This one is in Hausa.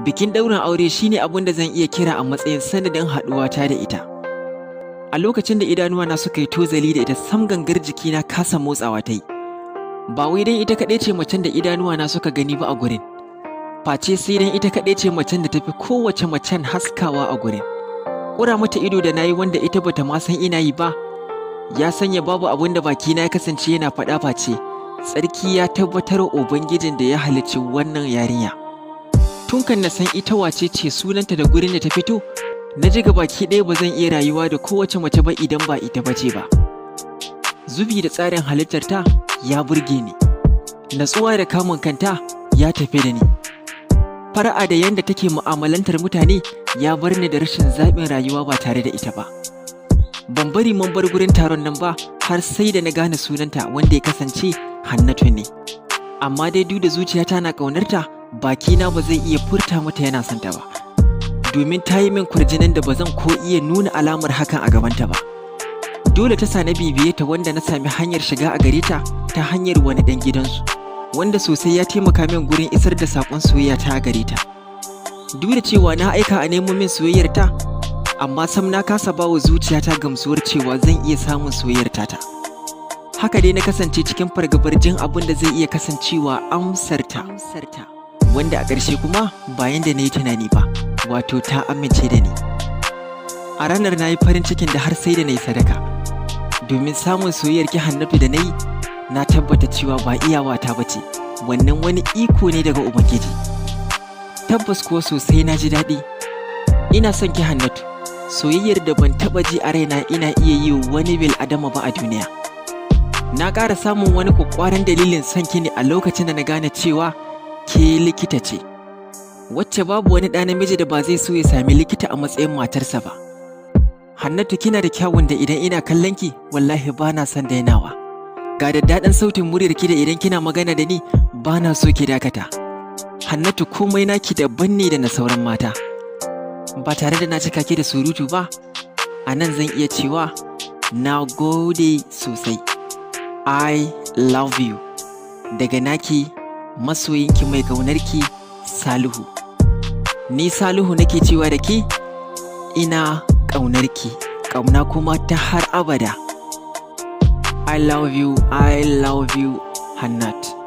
Bikin ɗaurin aure shine abin da zan iya kira a matsayin sanadin haɗuwata da ita. A lokacin da idanuwana suka yi tozali da ita sam gangar jikina kasa motsawa ta yi. Ba wai dan ita kaɗai ce macen da idanuwana suka gani ba a gurin. Face sai dan ita kaɗai ce macen da ta fi kowace macen haskawa a gurin. Ƙura mata ido da na yi wanda ita bata ma san ina yi ba. Ya sanya babu abin da bakina ya kasance yana faɗa face. Tsarki ya tabbatar Ubangijin da ya halicci wannan yarinya. tun kan na san ita wace ce sunanta da gurin da ta fito na ji baki ɗaya ba zan iya rayuwa da kowace mace ba idan ba ita bace ba zubi da tsarin halittarta ya burge ni natsuwa da kamun kanta ya tafi da ni fara'a da yanda take mu'amalantar mutane ya bar ni da rashin zaɓin rayuwa ba tare da ita ba ban bari mun bar gurin taron nan ba har sai da na gane sunanta wanda ya kasance hannatu ne amma dai duk da zuciyata na ƙaunarta bakina ba zai iya furta mata yana son ta ba domin ta yi min kurjinin da ba zan ko iya nuna alamar hakan a gabanta ba dole ta sani bibiye ta wanda na sami hanyar shiga a gare ta ta hanyar wani dan gidansu wanda sosai ya taimaka min gurin isar da sakon soyayya ta gare ta duk da cewa na aika a nemo min soyayyar ta amma sam na kasa bawa zuciyata gamsuwar cewa zan iya samun soyayyar ta ta haka dai na kasance cikin fargabar jin abin da zai iya kasancewa amsarta. amsarta. wanda a ƙarshe kuma bayan da na yi tunani ba wato ta amince da ni a ranar na yi farin cikin da har sai da na yi sadaka domin samun soyayyar ki hannatu da na yi na tabbata cewa ba iyawata ba ce wannan wani iko ne daga ubangiji tabbas kuwa sosai na ji daɗi ina son ki hannatu soyayyar da ban taɓa ji a raina ina iya yi wani bil adama ba a duniya na ƙara samun wani kwakwaran dalilin son ki ne a lokacin da na gane cewa ke likita ce wacce babu wani ɗa namiji da ba zai so ya sami likita a matsayin matarsa ba hannatu kina da kyawun da idan ina kallon ki wallahi ba na son dainawa ga da daɗin sautin muryar ki da idan kina magana da ni ba na so ki dakata hannatu komai naki daban ne da na sauran mata ba tare da na cika ki da surutu ba a nan zan iya cewa na gode sosai I love you daga naki masoyinki mai ƙaunarki Salihu. Ni Salihu nake cewa da ke ina ƙaunarki, ƙauna kuma ta har abada. I love you, I love you, Hannat.